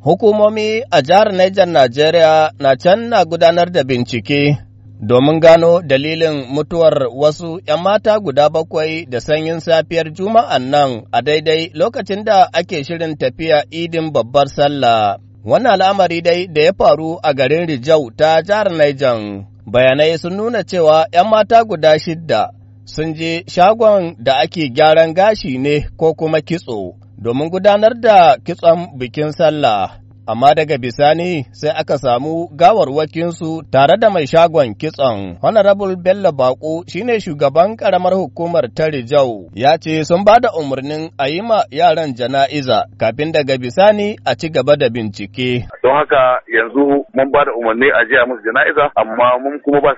Hukumomi a jihar Niger Najeriya na can na gudanar da bincike domin gano dalilin mutuwar wasu ‘yan mata guda bakwai da sanyin safiyar Juma'an nan a daidai lokacin da ake shirin tafiya idin babbar sallah. Wannan al'amari dai da ya faru a garin Rijau ta jihar Niger, bayanai sun nuna cewa ‘yan mata guda shidda sun je shagon da ake gyaran gashi ne ko kuma kitso. domin gudanar da kitson bikin sallah. amma daga bisani sai aka samu gawarwakinsu tare da mai shagon kitson. Honorable Bello Bako shine shugaban karamar hukumar Tare Jau. ya ce sun ba da umarnin a yi ma yaran jana'iza kafin daga bisani a ci gaba da bincike. Don haka yanzu mun ba da umarni a jiya musu jana'iza amma mun kuma ba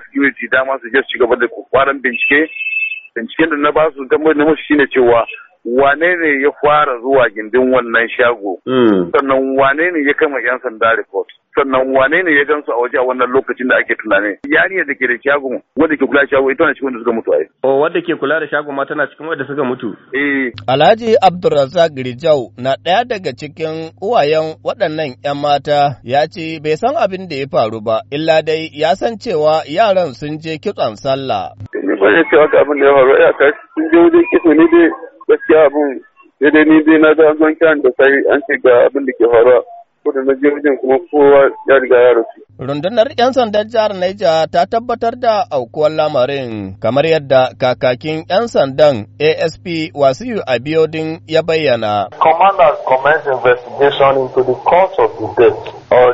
dama su je su ci gaba da kwaran bincike. Binciken da na ba su tambayar na shine cewa wane ne ya fara zuwa gindin wannan shago hmm. sannan wane ne ya kama yan sanda report sannan wane ne ya gansu a waje a wannan lokacin da ake tunani yariyar da ke da shago wanda ke kula da shago ita na cikin wanda suka mutu ai o oh, wanda ke kula da shago ma tana cikin wanda suka mutu eh Alhaji Abdulrazak Rijau na ɗaya daga cikin uwayen waɗannan yan mata ya ce bai san abin da ya faru ba illa dai ya san cewa yaran sun je kitson sallah ba ya ce abin da ya faru ya sun je wajen kitso ne dai gaskiya abun daidai dai ni dai na ga zan kyan da sai an ce ga abin da ke faruwa ko da na jirgin kuma kowa ya riga ya rasu. Rundunar 'yan sandan jihar Naija ta tabbatar da aukuwar lamarin kamar yadda kakakin 'yan sandan ASP Wasiyu Abiodun ya bayyana. Commander has commenced investigation into the cause of the death uh,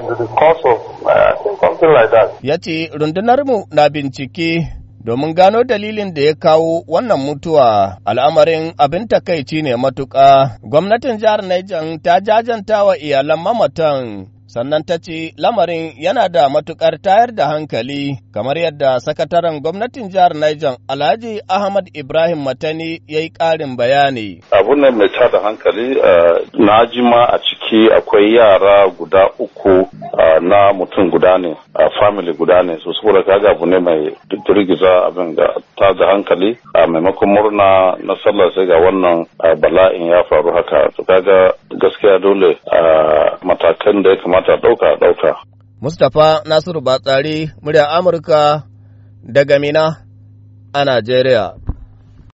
like that. rundunarmu na bincike domin gano dalilin da ya kawo wannan mutuwa al'amarin abin takaici ne matuƙa. Gwamnatin jihar Niger ta jajanta wa iyalan mamatan sannan ta ce lamarin yana da matukar tayar da hankali kamar yadda sakataren gwamnatin jihar Niger Alhaji Ahmad Ibrahim Matani ya yi ƙarin bayani. Abun ne mai tada hankali eh, na jima a ciki. ciki akwai yara guda uku na mutum guda ne a family guda ne so saboda kaga abu ne mai girgiza abin ga ta da hankali a maimakon murna na sallah sai ga wannan bala'in ya faru haka to kaga gaskiya dole a matakan da ya kamata ɗauka ɗauka. Mustapha Nasiru Batsari, murya Amurka daga Mina a Najeriya.